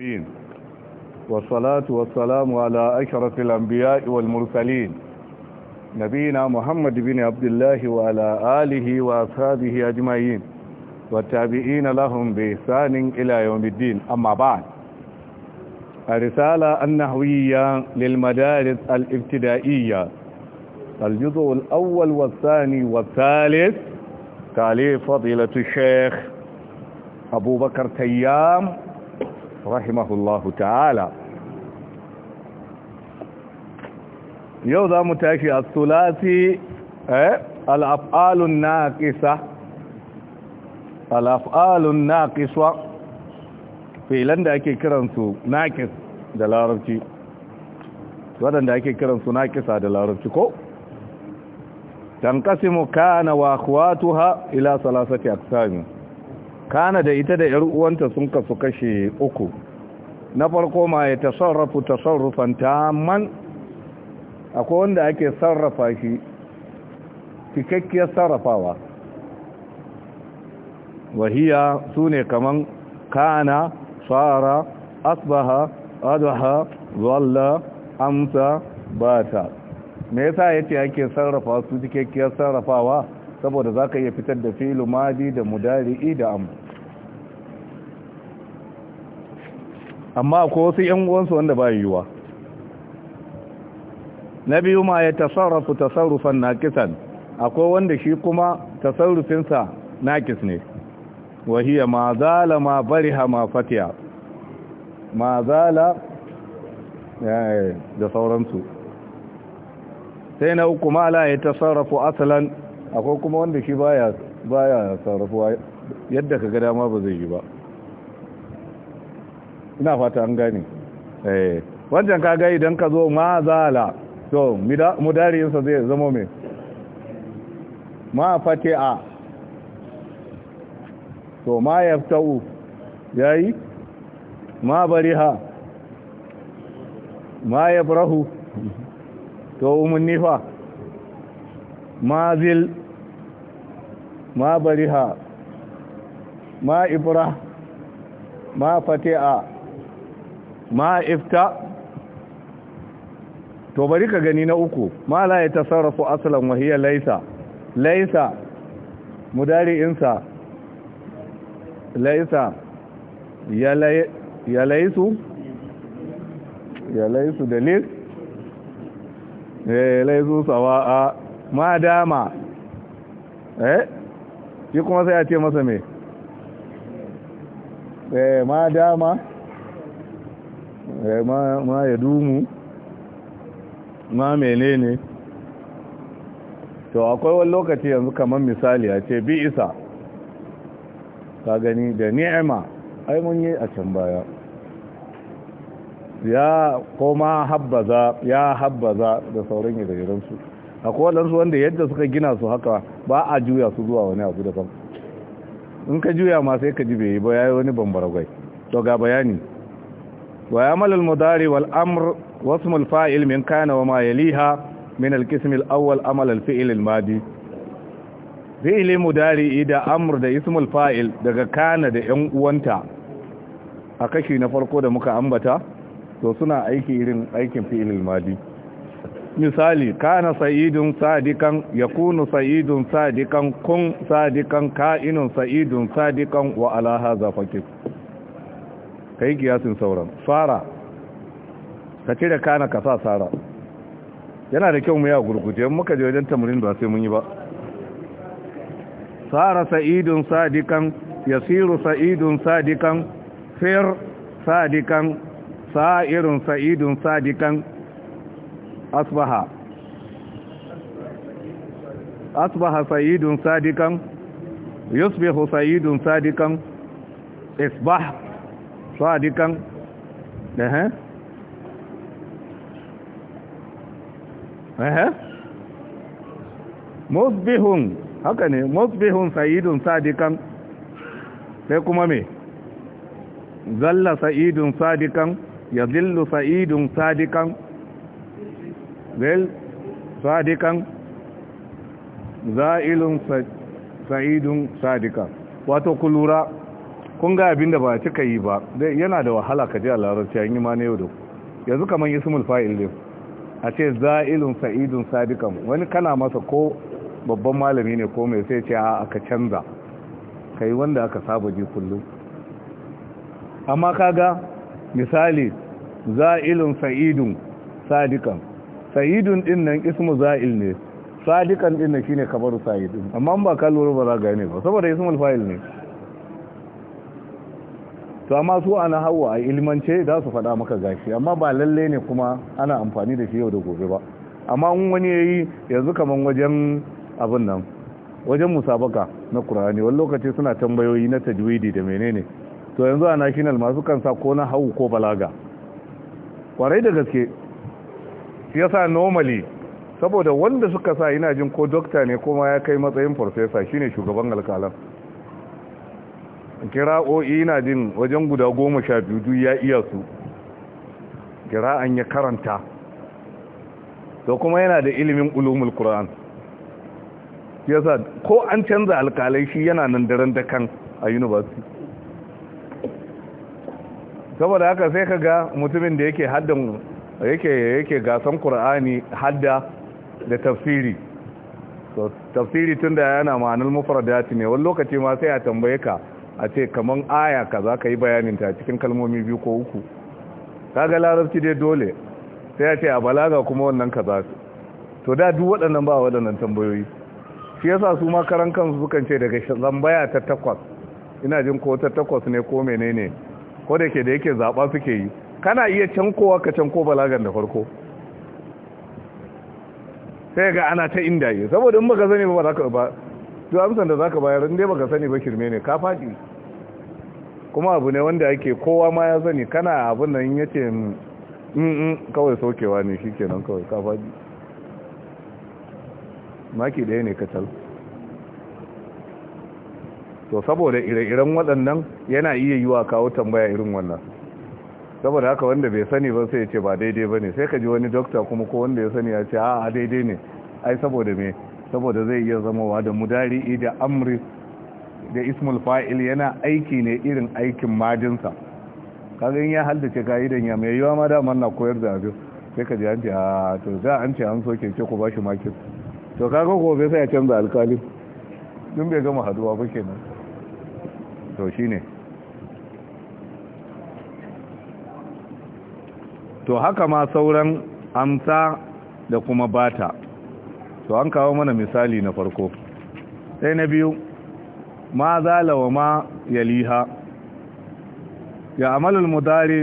مين والصلاة والسلام على أشرف الأنبياء والمرسلين نبينا محمد بن عبد الله وعلى آله وأصحابه أجمعين والتابعين لهم بإحسان إلى يوم الدين أما بعد الرسالة النحوية للمدارس الابتدائية الجزء الأول والثاني والثالث تعليق فضيلة الشيخ أبو بكر تيام rahimahullahu ta'ala yau za mu tashi a sulasi eh, al'af'alun naƙisa al'af'alun naƙiswa filan da ake kiransu naƙis da larabci waɗanda ake kiransu naƙisa da larabci ko tankasimu kana wa kuwatuha ila salasati aksami kana da ita da 'yar uwanta sun kasu kashe uku na farko ma ya tasarrafu tasarrufan man. akwai wanda ake sarrafa shi cikakkiyar sarrafawa wahiya su ne kaman kana tsara asbaha adaha zalla amsa bata me yasa yace ake sarrafa su cikakkiyar sarrafawa saboda za ka iya fitar da filu madi da mudari'i da am amma ko wasu yan uwansu wanda ba yiwuwa na biyu ma ya tasarrafu tasarrufan naqisan akwai wanda shi kuma tasarrufinsa nakis ne wahiyya ma zala ma bariha ma fatiya ma zala eh, da sauransu sai na uku ma la ya tasarrafu asalan akwai kuma wanda shi baya ya sarrafuwa yadda ka gada dama ba zai yi ba ina fata an gani. eh wancan kaga idan ka zo ma so to mudariyinsa zai zama mai ma fate a so ma ya yi. ma bariha ma yabrahu to umunnifa ma zil ma bariha ma ibra ma fati'a ma ifta to bari ka gani na uku ma la ya tasarrafu aslan wa hiya laysa laysa insa laysa ya lay ya laysu ya laysu dalil eh laysu sawa'a ma dama eh shi kuma sai a ce masa mai eh ma dama eh, ma ya dumu ma menene to akwai wani lokaci yanzu kamar misali a ce bi isa ka gani da ni'ima ai mun yi a can baya ya koma habbaza ya habbaza da sauran idaransu akwai waɗansu wanda yadda suka gina su haka ba a juya su zuwa wani abu daban in ka juya ma sai ka ji bai ba yayi wani bambaragwai to ga bayani wa yamal al mudari wal amr wasu al fa'il min kana wa ma yaliha min al qism al awwal amal al fi'l al madi fi'l mudari idan amr da ism fa'il daga kana da yan uwanta a kashi na farko da muka ambata to suna aiki irin aikin fi'l al madi misali kana sa'idun sadikan yakunu sa'idun sadikan kun sadikan ka'inun sa'idun sadikan wa ala hadha ka kai kiyasin sauran fara ka cire kana ka sa sara yana da kyau mu ya gurguje muka je wajen tamrin ba sai mun yi ba sara sa'idun sadikan yasiru sa'idun sadikan fir sadikan sa'irun sa'idun sadikan asbaha asbaha sayyidun sadikan yusbihu sayyidun sadikan isbah sadikan eh eh musbihun haka ne musbihun sayyidun sadikan sai kuma me zalla sa'idun sadikan ya zillu sa'idun sadikan bel sadikan za'ilun sa'idun sadikan wato ku kun ga abin da ba cika yi ba yana da wahala ka ji a larabci an yi ma na yau da yanzu kamar sumul fa'il ne a ce za'ilun sa'idun sadikan wani kana masa ko babban malami ne ko mai sai ce a aka canza ka yi wanda aka saba ji kullum amma ga misali za'ilun sa'idun sadikan sayidun din nan ismu za'il ne sadikan din nan shine kamar sayidun amma ba ka ba ga ne ba saboda ismul fa'il ne to amma su ana hawa a ilmance za su faɗa maka gashi amma ba lalle ne kuma ana amfani da shi yau da gobe ba amma in wani yayi yanzu kaman wajen abin nan wajen musabaka na Qur'ani wani lokaci suna tambayoyi na tajwidi da menene to yanzu a national masu kansa ko na hawu ko balaga kwarai da gaske shi yasa normally saboda wanda suka sa ina jin ko dokta ne kuma ya kai matsayin farfesa shine shugaban kira oi e ina jin wajen guda goma sha biyu ya iya su Kira an ya karanta to kuma yana da ilimin ulumul qur'an yasa ko an canza alkalai shi yana nan daren da kan a university saboda haka sai kaga mutumin da yake haddan yake yake gasan qur'ani hadda da tafsiri so tafsiri tunda yana ma'anar mufradati ne wani lokaci ma sai a tambaye ka a ce kaman aya kaza ka yi bayanin ta cikin kalmomi biyu ko uku kaga larabci dai dole sai a ce a balaga kuma wannan kaza to da duk waɗannan ba waɗannan tambayoyi shi yasa su ma karan kansu sukan ce daga zambaya ta takwas ina jin ko ta takwas ne ko menene ko da ke da yake zaɓa suke yi kana iya cankowa ka canko balagan da farko sai ga ana ta inda yi saboda in baka sani ba za ka ba to amsan da za ka bayar inda baka sani ba kirme ne ka faɗi kuma abu ne wanda ake kowa ma ya sani kana abin nan ya ce mm, mm, mm, kawai saukewa ne shi kenan kawai ka faɗi maki ɗaya ne kacal to saboda ire-iren waɗannan yana iya yi wa kawo tambaya irin wannan saboda haka wanda bai sani ba sai ya ce ba daidai ba ne sai ka ji wani dokta kuma ko wanda ya sani ya ce a daidai ne ai saboda me saboda zai iya zamowa da mudari da amri da ismul fa'il yana aiki ne irin aikin majinsa kaga in ya haddace ka'idan ya mai yiwa ma daman na koyar da abin sai ka ji an ce a to za an ce an soke ce ku ba makin to kaga gobe sai ya canza alkali dun bai gama haduwa ba kenan to shine to haka ma sauran amsa da kuma bata to an kawo mana misali na farko sai na biyu ma zala wa ma yaliha ya amalul mudari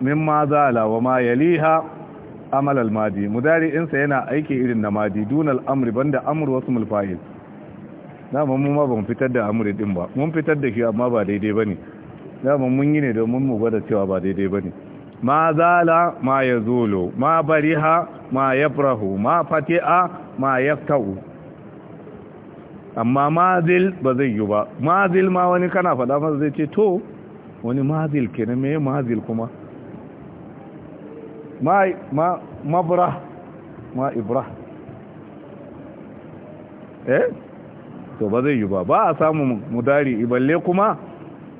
min ma zala wa ma yaliha amalal madi mudari insa yana aiki irin na madi dunal amri banda amru wasu mulfahil dama mun ma ban fitar da amri din ba mun fitar da shi amma ba daidai bane dama mun yi ne domin mu gwada cewa ba daidai bane ma zala ma ya zolo ma bariha ma ya farahu ma fati'a ma ya amma mazil ba zai yi ba mazil ma wani kana faɗa masa zai ce to wani mazil ke me mazil kuma ma ma mabra ma ibra eh to ba zai yi ba ba a samu mudari iballe kuma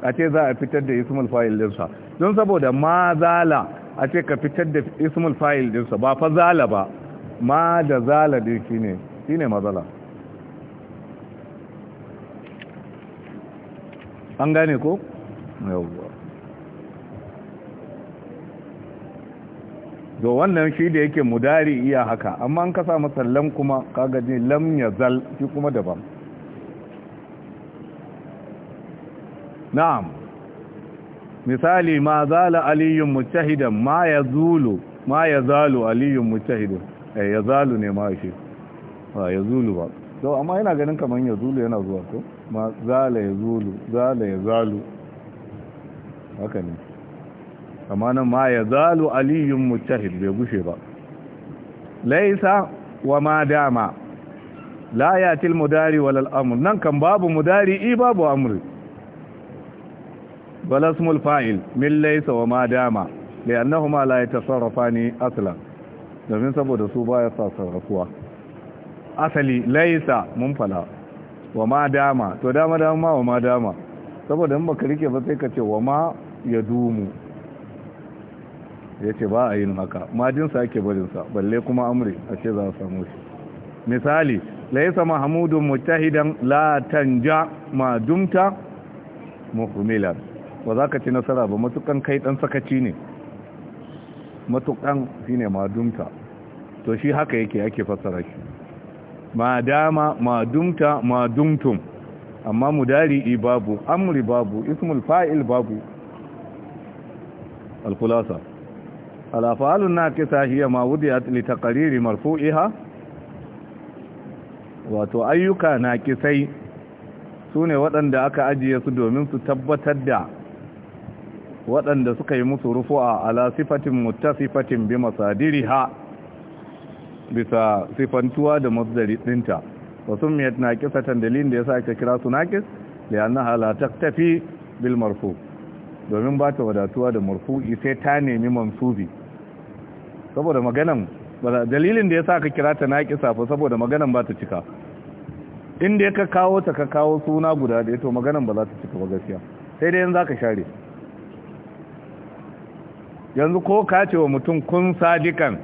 a ce za a fitar da ismul fa'il dinsa don saboda ma zala a ce ka fitar da ismul fa'il dinsa ba fa zala ba ma da zala din shine shine mazala an gane ko yawwa to wannan shi da yake mudari iya haka amma an kasa masallan kuma kaga ne lam yazal shi kuma daban na'am misali ma zala aliyun mutahidan ma zulu ma zalu aliyun mutahidan eh zalu ne ma shi ya zulu ba to amma yana ganin kaman zulu yana zuwa ko ma zala zulu zala zalu haka ne amma nan ma zalu aliyun mutahid bai gushe ba laisa wa ma dama la til mudari wal amr nan kan babu mudari i babu amri wala ismul fa'il min laysa wa ma dama li'annahuma la yatasarrafani aslan domin saboda su baya sa sarrafuwa asali laisa mun fala wa ma dama to dama dama wa ma dama saboda in baka rike ba sai ka ce wa ma ya dumu Ya ce ba a yin haka madinsa ake barinsa balle kuma amri a ce za a samu shi misali laisa mahamudun mutahidan la tanja ma dumta muhmilan ba za ka ci nasara ba matukan kai dan sakaci ne matukan shi ne madumta to shi haka yake ake fassara shi ma dama madumta madumtum amma mudari'i babu amri babu ismul fa'il babu al-khulasa al-af'al an-naqisa hiya ma wudiyat li taqriri marfu'iha wato ayyuka naqisai sune waɗanda aka ajiye su domin su tabbatar da waɗanda suka yi musu rufu'a ala sifatin muttasifatin bi ha bisa sifantuwa da masdari dinta wa summiyat naqisatan dalilin da ya sa ake kira su da yana halatta taktafi bil marfu domin ba ta wadatuwa da marfu sai ta nemi mansubi saboda maganan dalilin da ya sa aka kira ta kisa fa saboda maganan ba ta cika inda ka kawo ta ka kawo suna guda da to maganan ba za ta cika ba gaskiya sai dai yanzu ka share yanzu ko ka ce wa mutum kun sadikan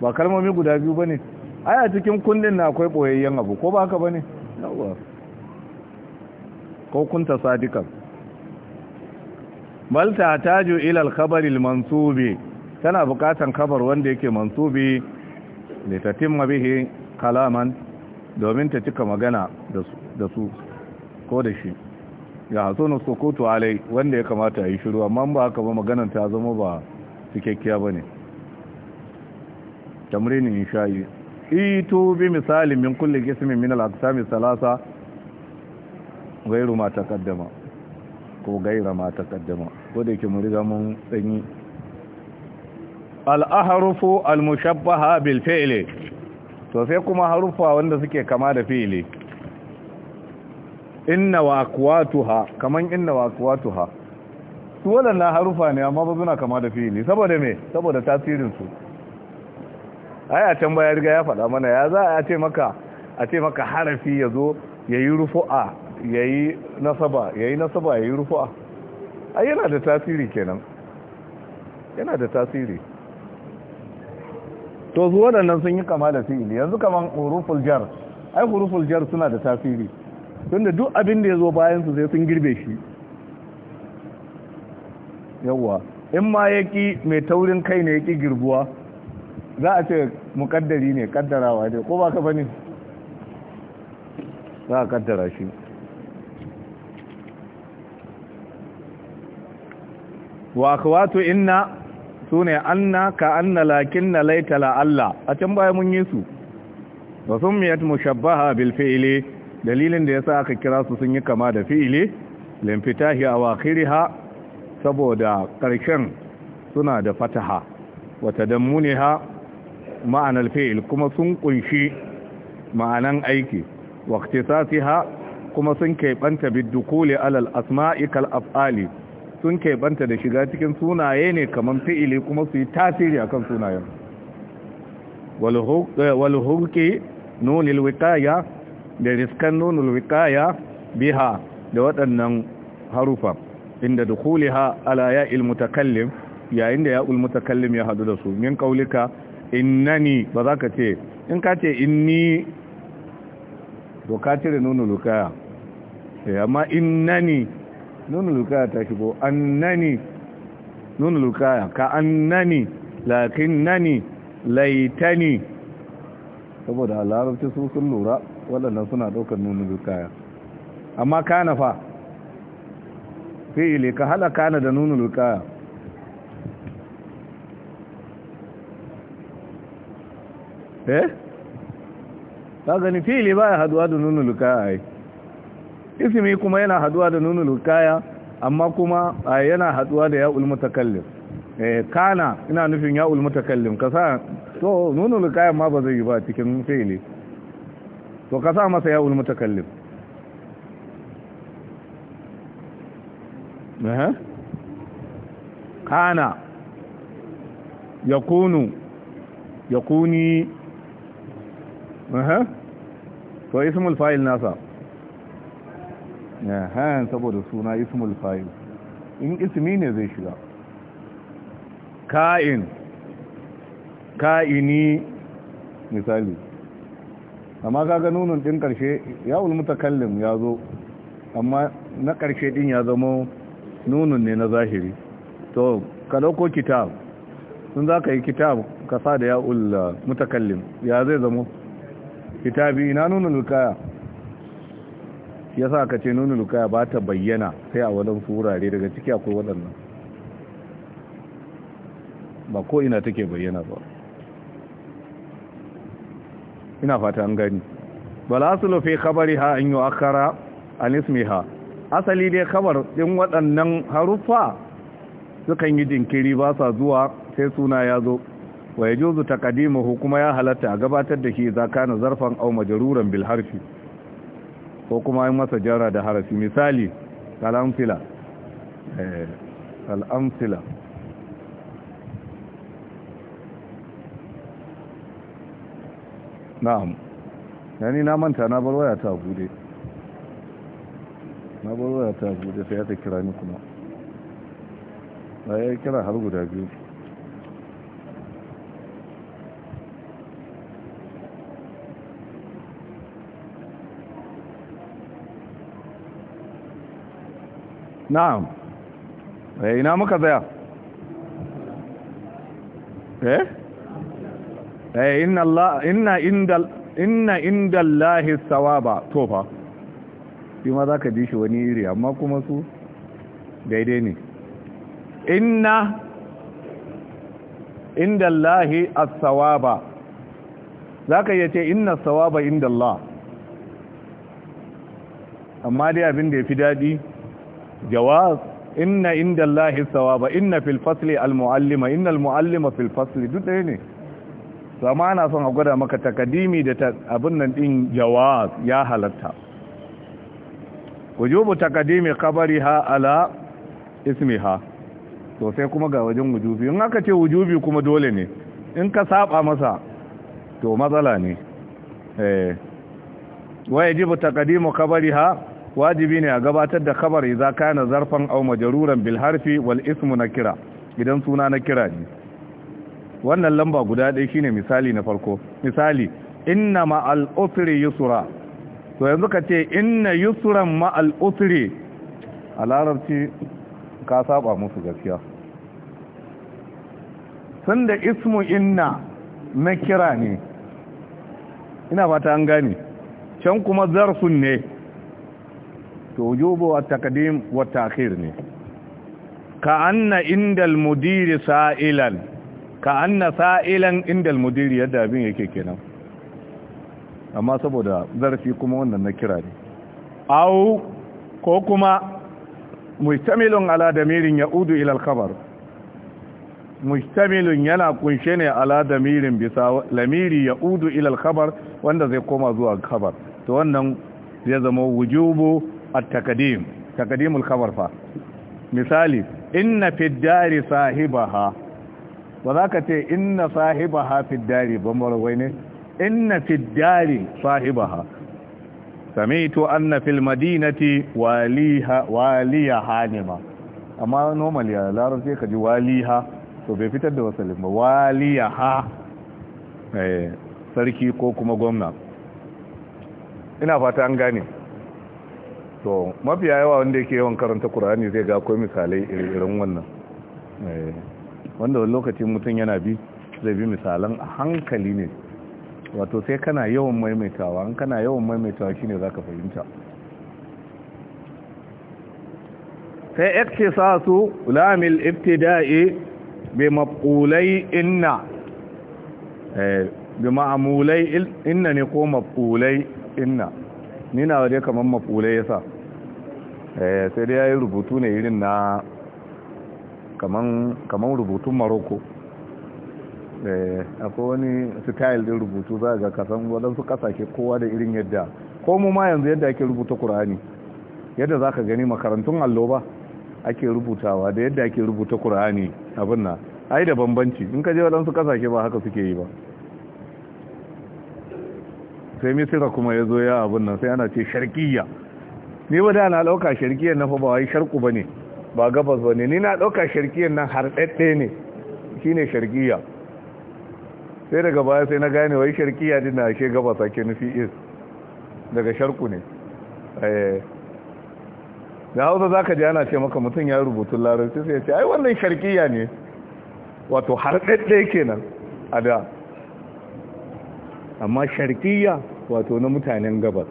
ba kalmomi guda biyu ba ne ai a cikin kundin na akwai ɓoyayyen abu ko ba haka ba ne ko kunta sadikan balta taju ilal kabaril mansubi tana bukatan kabar wanda yake mansubi da ta timma bihi kalaman domin ta cika magana da su ko da shi ya hasonu sukutu alai wanda ya kamata ya yi shiru amma ba haka ba maganan ta zama ba cikakkiya ba ne tamrinin shayi ito bi misalin min kulle gismi min al'aksami salasa gairu ma takaddama ko gaira ma takaddama ko da yake mun riga mun tsanyi al'aharufu al-mushabbaha bil fi'li to sai kuma harufa wanda suke kama da fi'li inna wa aqwatuha kaman inna wa aqwatuha su waɗannan harufa ne amma ba suna kama da fili saboda me saboda tasirinsu ai a can baya riga ya faɗa mana ya za a ce maka a ce maka harafi ya zo ya yi rufu'a ya yi nasaba ya yi nasaba ya yi rufu'a ai yana da tasiri kenan yana da tasiri to su waɗannan sun yi kama da fili yanzu kaman huruful jar ai huruful jar suna da tasiri tunda duk abin da ya zo bayan su sai sun girbe shi yawwa in ma ya ki mai taurin kai ne ya ki girbuwa za a ce mukaddari ne kaddarawa ne ko ba ka bane za a ƙaddara shi wa akwatu inna su ne anna ka anna lakin na laita la'alla a can baya mun yi su ba sun miyat mushabbaha bil fi'ile, dalilin da ya sa aka kira su sun yi kama da fi'ili shi a wakiriha saboda ƙarshen suna da fataha wata ha ma'anar fi'il kuma sun kunshi ma'anan aiki ha kuma sun keɓanta biddukuli alal asma'ikal af'ali sun keɓanta da shiga cikin sunaye ne kamar fi'ili kuma su yi tasiri akan sunayen walhurki nunil wikaya da riskan nunil wikaya biha da waɗannan harufa inda dukuliha ala ya'il mutakallim yayin da ya'ul mutakallim ya hadu da su min kaulika innani ba za ka ce in ka ce inni dokatir ka cire nunu lukaya eh, amma innani nunu lukaya ta shigo annani nunu lukaya ka annani lakinnani laitani saboda al'arabci su sun lura waɗannan suna ɗaukar nunu lukaya amma kana fa fi'ili ka hada kana da nunul ka eh ka gani fi'ili baya haduwa da nunul ka ai ismi kuma yana haduwa da nunul wiqaya amma kuma yana haduwa da ya'ul mutakallim eh kana ina nufin ya'ul mutakallim kasa to nunul wiqaya ma ba zai yi ba cikin fi'ili to kasa masa ya'ul mutakallim kana ya kunu ya kuni to ismul fa'il nasa yahan saboda suna ismul fa'il in ismi ne zai shiga ka'in ka'ini misali amma kaga nunin din karshe ya ulmuta kallin ya zo amma na karshe din ya zama nunun ne na zahiri to ka dauko kitab sun za ka yi kitab ka sa da ya'ul uh, mutakallim ya zai zamo kitabi ina nunun lukaya ya sa ka ce nunun lukaya ba ta bayyana sai a waɗansu wurare daga ciki akwai waɗannan ba ko ina take bayyana ba ina fata an gani bala asulu fi khabariha an akara an ismiha asali dai kabar din waɗannan haruffa sukan yi jinkiri ba sa zuwa sai suna ya zo wa ya juzu ta kadimahu kuma ya halatta a gabatar da shi za na zarfan au majaruran bil harfi ko kuma yi masa jara da harafi misali kalamfila eh, na'am yani na manta na bar waya ta bude na barwaya ta buɗe sai ta kira ni kuma ya kira har guda biyu na'am eh ina muka tsaya eh eh inna inda inna inda inna indallahi thawaba tofa shi ma za ka ji shi wani iri amma kuma su daidai ne inna inda Allahi a tsawaba za ka iya ce inna sawaba inda Allah amma dai abin da ya fi daɗi jawaz inna inda Allahi sawaba inna fil fasli al-muallima inna al-muallima fil fasli duk ɗaya ne sama ana son a gwada maka takadimi da abin nan ɗin jawaz ya halatta wujubu kabari ha ala ismiha to sai kuma ga wajen wujubi in aka ce wujubi kuma dole ne in ka saba masa to matsala ne eh wajibu kabari ha, wajibi ne a gabatar da za idza kana zarfan aw majruran bil harfi wal ismu nakira idan suna na ne wannan lamba guda ɗaya shine misali na farko misali inna ma al usri yusra to yanzu ka ce inna yusran ma'al usri a larabci ka saba musu gaskiya sun da ismu inna na kira ne ina fata an gani can kuma zarfun ne to wujubu a takadim wa akhir ne ka anna indal mudiri sa'ilan ka anna sa'ilan indal mudiri yadda abin yake kenan amma saboda zarafi kuma wannan na kira ne au ko kuma mustamilun ala damirin udu ila al-khabar yana kunshe ne ala damirin bisa lamiri ya ila ilal kabar wanda zai koma zuwa khabar to wannan zai zama wujubu at-taqdim taqdimul khabar fa misali inna fi dari sahibaha ba za ka ce inna sahibaha fi dari ba wai ne inna fi dari sahibaha samitu anna fil madinati waliha waliya hanima amma normal ya larabci ka ji waliha to bai fitar da wasalin ba waliya ha eh, sarki ko kuma gwamna ina fata an gane to mafi yawa wanda yake yawan karanta kur'ani zai ga akwai misalai irin wannan eh, wanda wani lokacin mutum yana bi zai bi misalan a hankali ne wato sai kana yawan maimaitawa an kana yawan maimaitawa ne za ka fahimta sai sa su lamil ibtida'i bi maqulai inna eh bi ma'amulai inna ne ko maqulai inna ni na waje kaman maɓulai ya sa eh, sai dai yi rubutu ne irin na kaman rubutun maroko. Eh, akwai wani style din rubutu za ga kasan waɗansu ƙasashe kowa da irin yadda ko mu ma yanzu yadda ake rubuta ƙur'ani yadda za ka gani makarantun allo ba ake rubutawa da yadda ake rubuta ƙur'ani abin na ai da bambanci in ka je waɗansu ƙasashe ba haka suke yi ba sai misira kuma ya zo ya abin nan sai ana ce sharkiya ni ba da na ɗauka sharkiyan na fa ba wai sharku ba ne ba gabas ba ne ni na ɗauka sharkiyan nan har ɗaɗɗe ne shine sharkiya sai daga baya sai na gane wai sharkiya din na ashe gaba sake nufi is daga sharku ne eh. da hausa za ka ji ana ce maka mutum ya rubutun larabci sai ce ai wannan sharkiya ne wato har ɗaɗɗe kenan a da amma sharkiya wato na mutanen gabas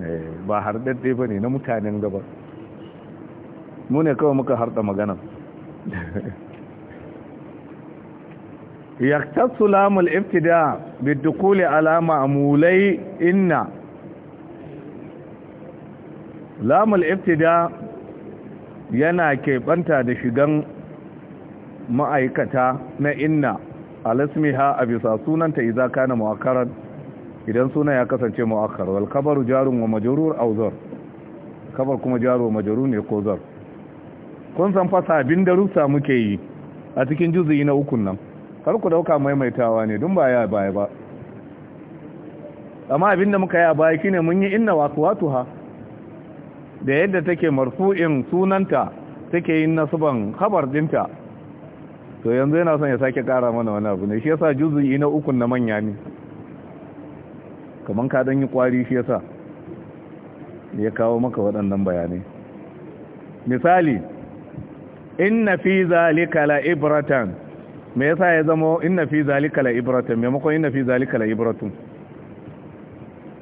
eh, ba har ɗaɗɗe ba ne na mutanen gabas mu ne kawai muka harɗa magana yaktasu lamul iftida bidukuli alama amulai inna lamul iftida yana keɓanta da shigan ma'aikata na inna alasmiha a bisa sunanta iza kana mu'akkarar idan suna ya kasance mu'akkar wal kabaru jarun wa majrur aw zar kabar kuma jaru wa majrur ne ko zar kun san abin da darussa muke yi a cikin juzuyi na ukun nan kar ku dauka maimaitawa ne dun ya baya ba amma abinda muka yi a baya shine mun yi inna ha. da yadda take marfu'in sunanta take yin nasuban khabar dinta to yanzu yana son ya sake kara mana wani abu ne shi yasa juzu'i na uku na manya ne kaman ka dan yi kwari shi yasa ya kawo maka waɗannan bayanai misali inna fi zalika la ibratan me yasa ya zama inna fi zalika la ibratun maimakon inna fi zalika la ibratun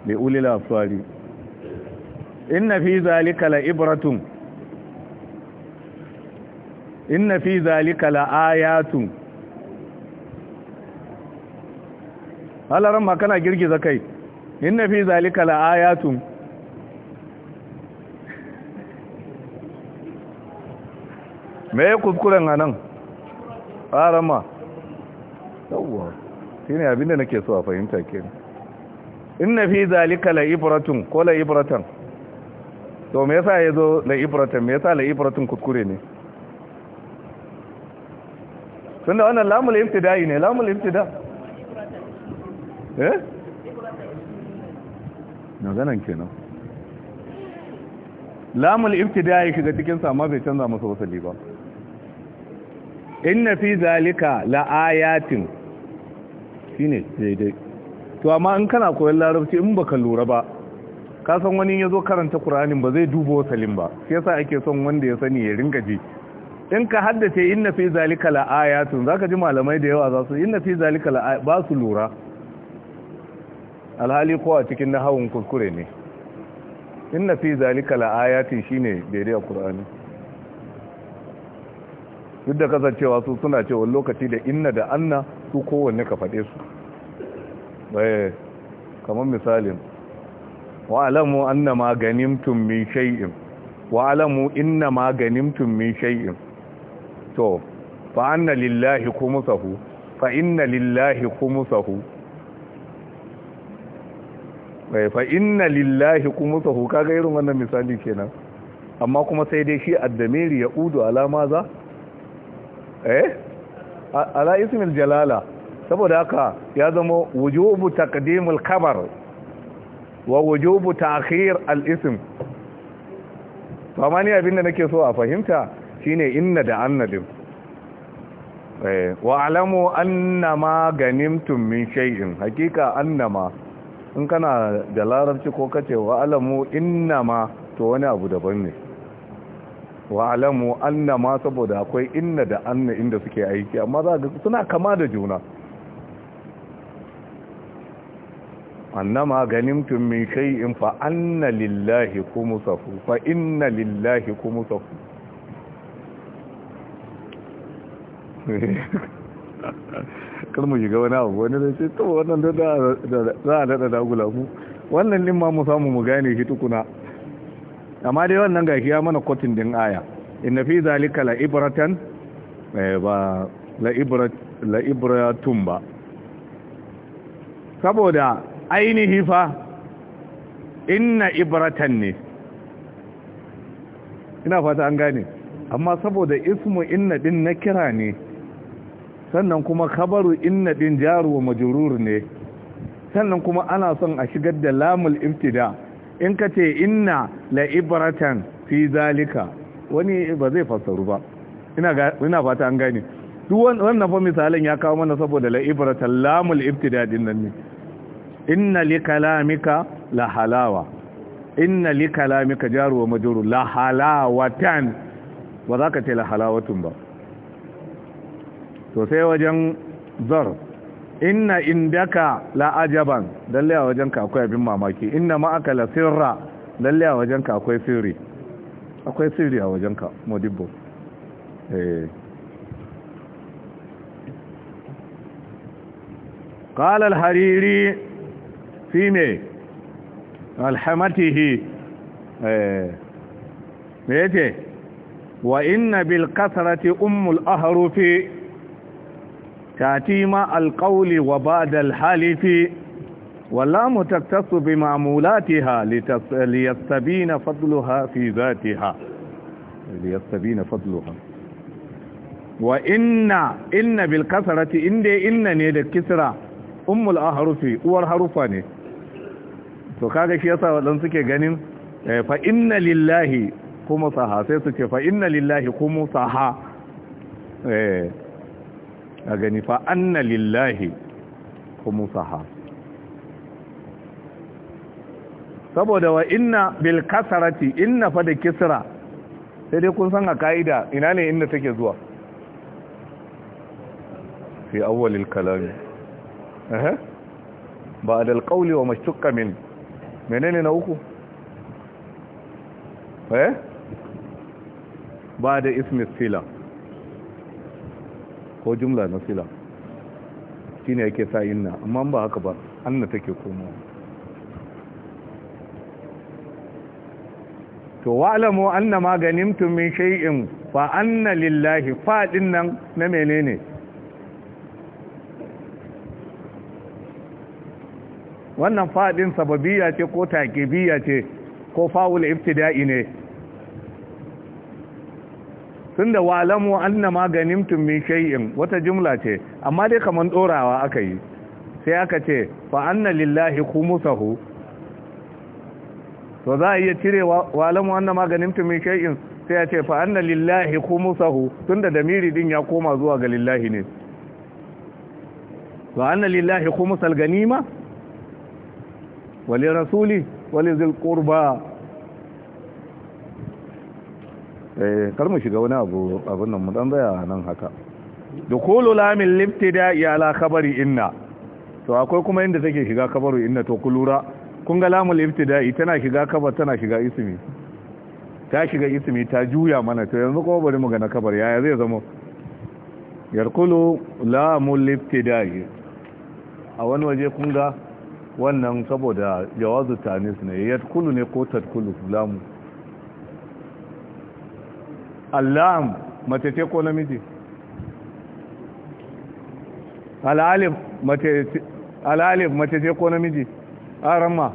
bi ulil afsari inna fi zalika la ibratun inna fi zalika la ayatun halaran ma kana girgiza kai inna fi zalika la ayatun me ya kuskuren anan Ƙarama, yawwa shi abin da nake so a fahimta ke. inna fi zalika la ko la to me yasa ya zo ibratan me yasa la ibratun kuskure ne tunda wannan lamul yi ne lamul ibtida eh na ke kenan lamul ibtida'i shiga cikin sama amma bai canza masa wasali ba inna fi zalika la ayatin shine daidai to amma in kana koyon larabci in baka lura ba ka san wani ya zo karanta Kur'anin ba zai dubo salim ba shi yasa ake son wanda ya sani ya ringa ji in ka haddace inna fi zalika la ayatin zaka ji malamai da yawa za su inna fi zalika la ba su lura alhali ko a cikin nahawun kuskure ne inna fi zalika la ayatin shine daidai a Kur'ani duk da kasancewa su suna ce wani lokaci da inna da anna su kowanne ka faɗe su eh, kamar misalin wa alamu anna ma ganimtum min shay'in wa alamu inna ma ganimtum min shay'in to fa anna lillahi khumsahu fa inna lillahi khumsahu bai eh, fa inna lillahi khumsahu kaga irin wannan misali kenan amma kuma sai dai shi addamiri ya udu alama za eh ala ismil jalala saboda haka ya zama wujubu taqdimul khabar wa wujubu ta'khir al-ism famani abinda nake so a fahimta shine inna da annadim eh wa alamu annama ganimtum min shay'in hakika annama in kana da larabci ko kace wa alamu innama to wani abu daban ne wa alamu anna ma saboda akwai inna da anna inda suke aiki amma za ga suna kama da juna annama ganimtum min shay'in fa anna lillahi khumsahu fa inna lillahi khumsahu kar mu shiga wani abu wani zai ce to wannan da za a daɗa dagula ku wannan limma mu samu mu gane shi tukuna amma dai wannan gashi ya mana kwatin din aya inna fi zalika la ibratan eh, ba la ibrat la ibratun ba saboda ainihi fa inna ibratan ne ina fata an gane amma saboda ismu inna din na kira ne sannan kuma khabaru inna din jaru wa majrur ne sannan kuma ana son a shigar da lamul ibtida in ka ce inna la'ibaratan fi zalika wani ba zai fassaru ba ina fata an gani duk wannan fa misalin ya kawo mana saboda la'ibaratan lamul ibtidadin nan ne inna li kalamika la halawa inna li kalamika jaru wa majru la halawatan ba za ka ce la halawatun ba to wajen zar inna indaka la ajaban dalle a wajen ka bin abin mamaki inna ma'aka la sirra lalle a wajenka akwai sirri akwai sirri a wajenka Modibo. eh hariri fi me alhamatihi eh me yace wa inna bil kasrati ummul ahrufi tati ma al wa ba'da halifi wallamu taktasu bi ma'mulatiha liyastabina fadluha fi zatiha liyastabina fadluha wa inna inna bil kasrati inda inna ne da kisra ummul ahrufi uwar harufa ne to kaga shi yasa wadan suke ganin eh, fa inna lillahi kuma saha sai suke ce fa lillahi kuma saha eh, a gani fa anna lillahi kuma saha saboda wa inna bil kasarati inna fa da kisra sai dai kun san a ka'ida ina ne inda take zuwa fi awwalil kalami eh ba al qawli wa mashtuqqa min menene na uku eh ba da ismi sila ko jumla na sila shine yake sa inna amma ba haka ba anna take komawa to wa'lamu anna ma ganimtum min shay'in fa anna lillahi fadin nan na menene wannan fadin sababiyya ce ko takibiyya ce ko fa'ul ibtida'i ne tunda wa'lamu anna ma ganimtum min shay'in wata jumla ce amma dai kaman dorawa aka yi sai aka ce fa anna lillahi khumusahu to za a iya cire walamu anna maganin tumi shay'in sai ya ce fa anna lillahi khumsahu tunda damiri din ya koma zuwa ga lillahi ne wa anna lillahi khumsal ganima wa rasuli wa li zil qurba eh kar mu shiga wani abu abun nan mu dan nan haka dukulu lamin limtida ya ala khabari inna to akwai kuma inda take shiga kabaru inna to kulura kun ga lamul ibtida'i tana shiga kabar tana shiga ismi ta shiga ismi ta juya mana to yanzu kuma bari mu ga na kabar yaya zai zama yarkulu lamul ibtida'i a wani waje kun ga wannan saboda jawazu tanis ne yadkulu ne ko tadkulu lamu allam mace ce ko namiji al'alif mace ce ko namiji arama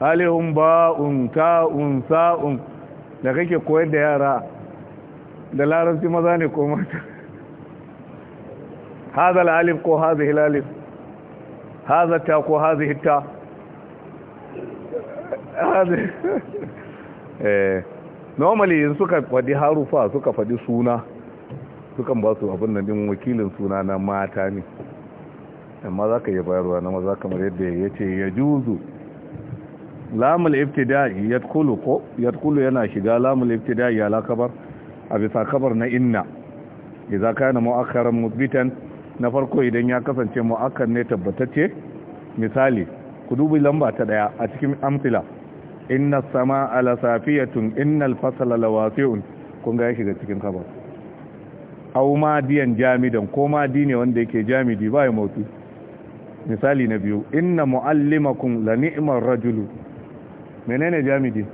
alihun ba'un ta'un sa'un da kake koyar da yara da larabci maza ne ko mata haza alif ko haza hilalif haza ta ko haza hita eh, normally yin suka faɗi harufa suka faɗi suna sukan ba su abin da din wakilin suna na mata ne amma za ka iya bayarwa na maza kamar yadda ya ce ya juzu lamul ibtida'i yadkulu ko yadkulu yana shiga lamul ibtida'i ya kabar a bisa kabar na inna idza kana mu'akkaran mutbitan na farko idan ya kasance mu'akkar ne tabbatacce misali ku dubi lamba ta daya a cikin amsila inna samaa la safiyatun innal fasla lawasi'un kun ga ya shiga cikin kabar au madiyan jamidan ko madi ne wanda yake jamidi bai ya mautu misali na biyu inna muallimakum la ni'mar rajulu menene jamidi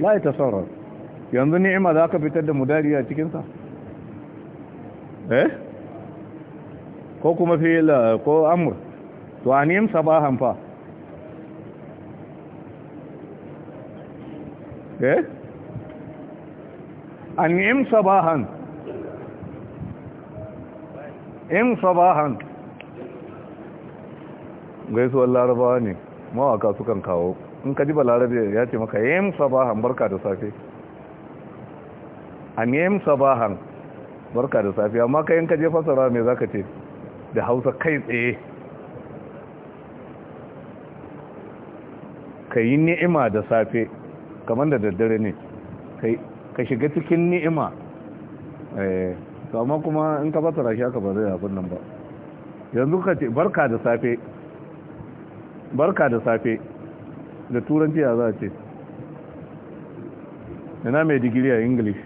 la yatasarraf yanzu ni'ima za ka fitar da mudariya a cikin sa eh ko kuma fi'il ko amr to anim sabahan fa eh anim sabahan in sabahan gaisuwar larabawa ne mawaka sukan kawo in ka ji larabe ya ce maka yayin sabahan barka da safe an yayin sabahan barka da safe amma ka ka je fasara me zaka ce da hausa kai tsaye ka yi ni'ima da safe kamar da daddare ne ka shiga cikin ni'ima eh, amma kuma in ka fasara shi aka ba zai abin nan ba yanzu ka ce barka da safe barka da safe da turanci ya za a ce na mai digiri a english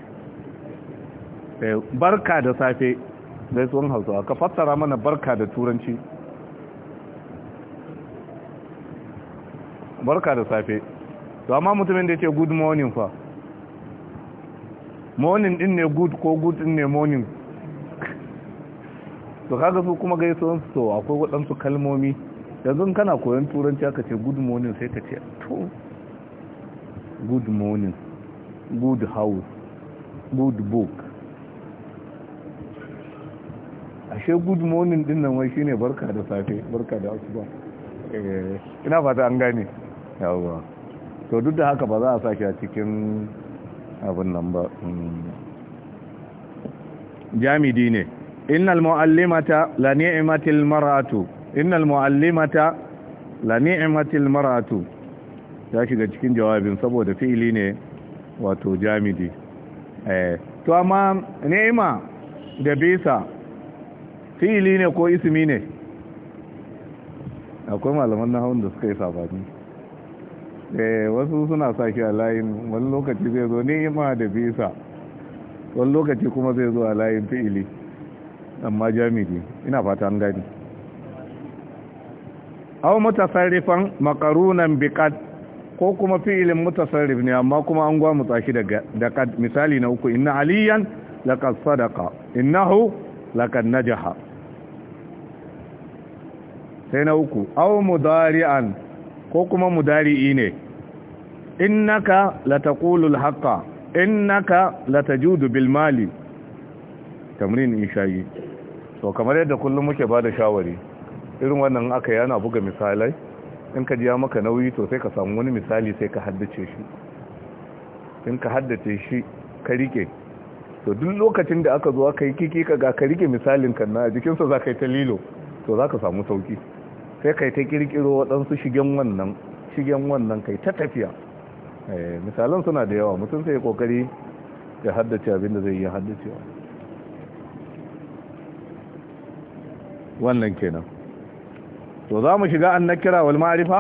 eh, barka da safe zai tsohon hausa ka fassara mana barka da turanci barka da safe to amma mutumin da ya ce good morning fa morning din ne good ko good din ne morning to kaga su kuma gaisuwan su akwai waɗansu kalmomi yanzu kana koyon turanci aka ce good morning sai ka ce to good morning good house good book ashe good morning din nan wai shine barka da safe barka da asuba eh, ina fata an gane yawa to duk da haka ba za a sake a cikin abin nan ba hmm. jami'i ne innal mu'allimata la ni'matil mar'atu innal mu'allimata la ni'matil mar'atu ya shiga cikin jawabin saboda fi'ili ne wato jamidi eh to amma ni'ima da bisa fi'ili ne ko ismi ne akwai malaman nahawun da suka yi sabani eh wasu suna saki a layin wani lokaci zai zo ni'ima da bisa wani lokaci kuma zai zo a layin fi'ili amma jamidi ina fata an gani aw mutasarrifan maqarunan bi qad ko kuma fi'ilin mutasarrif ne amma kuma an gwamu tsaki daga da qad misali na uku inna aliyan laqad sadaqa innahu laqad najaha sai na uku aw mudari'an ko kuma mudari'i ne innaka lataqulu alhaqa innaka latajudu bil mali tamrin insha'i to kamar yadda kullum muke bada shawari irin wannan aka yana buga misalai in ka jiya maka nauyi to sai ka samu wani misali sai ka haddace shi in ka haddace shi ka rike to duk lokacin da aka zo aka yi kiki ka ga ka rike misalin kan na jikinsa za ka yi ta lilo to za ka samu sauki sai ka yi ta kirkiro waɗansu shigen wannan shigen wannan kai ta tafiya eh, misalan suna da yawa mutum sai kokari ya haddace abinda zai yi haddacewa wannan kenan to za mu shiga an nakira wal ma'arifa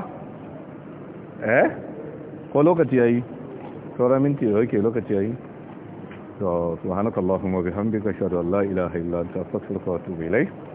eh ko lokaci yayi saura minti yake lokaci yayi to subhanakallahumma wa bihamdika ashhadu an la ilaha illa anta astaghfiruka wa atubu ilayk